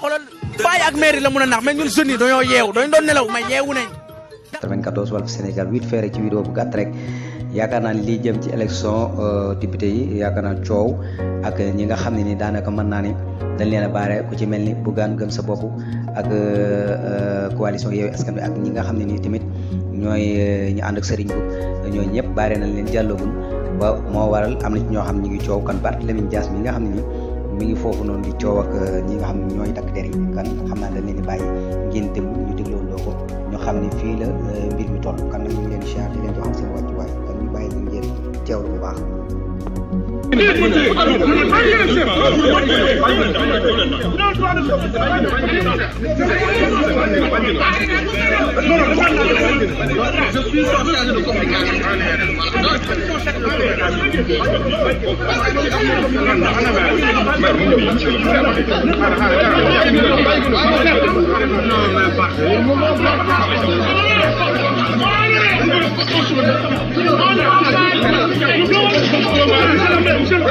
xoolal xoolal bàyyi maire la mën a nax mais ñun jeunes yi dañoo yeewu dañu doon nelaw mais yeewu nañ 94 Walf Sénégal 8 feere ci vidéo bu gàtt rek yaakaar naa li jëm ci élection euh, député yi yaakaar naa coow ak ñi nga xam ne ni daanaka mën naa ni dañ leen a baare ku ci mel ni Bougane gëm sa bopp ak euh, euh, coalition Yewwi Askan Wi ak ñi nga xam ne nii tamit ñooy ñu ànd ak sëriñ bu ñooy ñëpp baare nañ leen jàllagul ba moo waral am na ci ñoo xam ne ñu ngi coow kan Barthélémy Dias mi nga xam ne mi ngi foofu noonu di coow euh, ñi nga xam ne ñooy takk der yi kan xam naa dañ leen di bàyyi ngeen déglu ñu dégloondoo ko ñu xam ne fii la euh, mbir mi toll kan nag ñu ngi leen di siyaar di leen jox seen wàccuwaay kon bàyyi ñu ngeen teewlu bu baax. Non, mais parfait.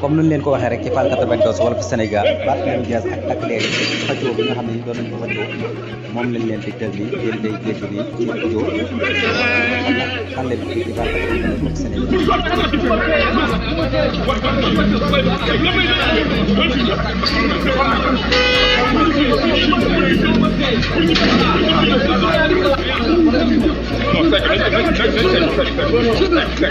comme nuñ leen ko waxee rek ci Fall 92 Walf Sénégal Barthélémy Dias ak takk leer yi xëccoo bi nga xam ne ñu doon nañ ko xëccoo moom lañ leen di tël nii yéen day génn nii ci xëccoo xale bi ci Fall 92 Walf Sénégal Appelez-moi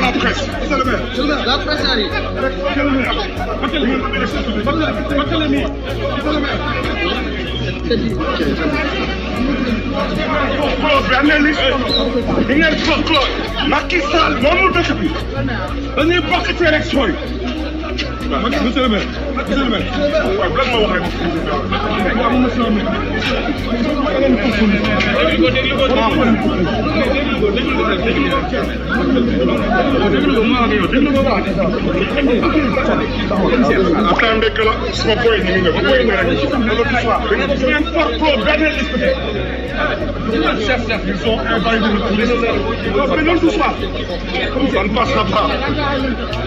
la presse. La presse arrive. Barthélemy. Barthélemy. Barthélemy. benn liste bi ngeen folklore Macky Sall moomu dëkk bi dañuy bokk ci élection yi monsieur le maire monsieur le maire waaw lan ma wax rek attendez que la suma point ni nga ko point nga rek Chef, chef, ils sont invaluables pour les Mais non, tout ça, ça ne passera pas.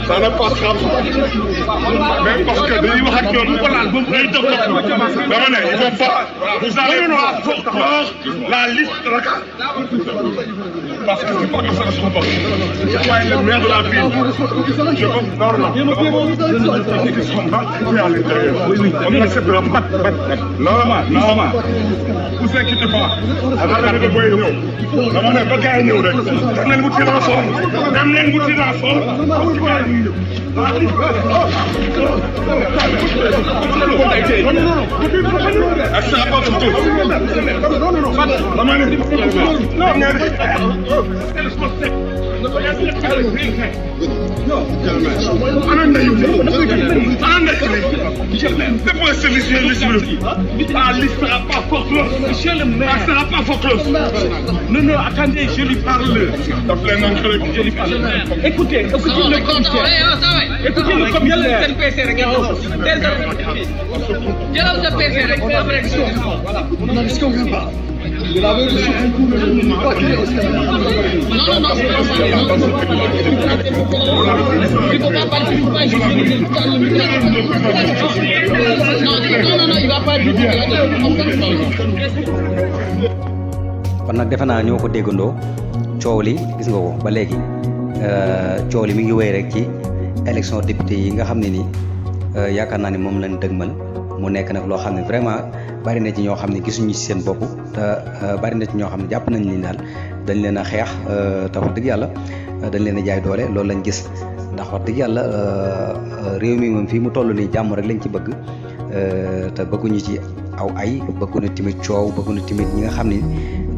Ça ne passera pas. Même parce que les hackers, nous voilà, nous ils vont pas. Vous allez à voir la liste de la carte. Parce que c'est pas comme ça que je comporte. Je dois être le maire de la ville. Je veux voir là. Ils sont battus à l'intérieur. On accepte la patte. Là, là, là. Vous inquiétez pas. wax dama ne booy ñëw dama ne ba gars yi ñëw rek dem leen wuti renfort dem leen wuti renfort dama ne ana ndeyu ana ndeyu Monsieur le maire. C'est pour service de liste. Ah, liste sera pas folklore. Monsieur le maire. Ah, sera pas folklore. Non, non, attendez, je lui parle. Je lui parle. Écoutez, écoutez le commissaire. Écoutez le ah, commissaire. Jëlal sa PC rek. Jëlal sa PC Il ne faut nag defe naa ñoo ko déggandoo coow li gis nga ko ba euh, coow li mi ngi wéy rek ci élection député yi nga xam ne ni euh, yaakaar naa ni moom lañ dëgmal mu nekk nag loo xam ne vraiment bari na ci ñoo xam ne gisuñu ci seen bopp te euh, bari na ci ñoo xam ne jàpp nañ ni daal dañ leen a xeex euh, te wax dëgg yàlla euh, dañ leen a jaay doole loolu lañ gis ndax wax dëgg yàlla réew mi moom fii mu toll nii jàmm rek lañ ci bëgg te bëgguñu ci aw ay bëgguñu tamit coow bëgguñu tamit ñi nga xam ni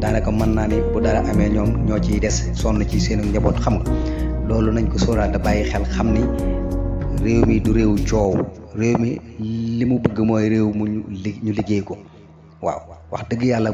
daanaka mën naa ni bu dara amee ñoom ñoo ciy des na ci seen njaboot xam nga loolu nañ ko sóoraal te bàyyi xel xam ni réew mi du réew coow réew mi li mu bëgg mooy réew mu ñu liggéey ko waaw wax dëgg yàlla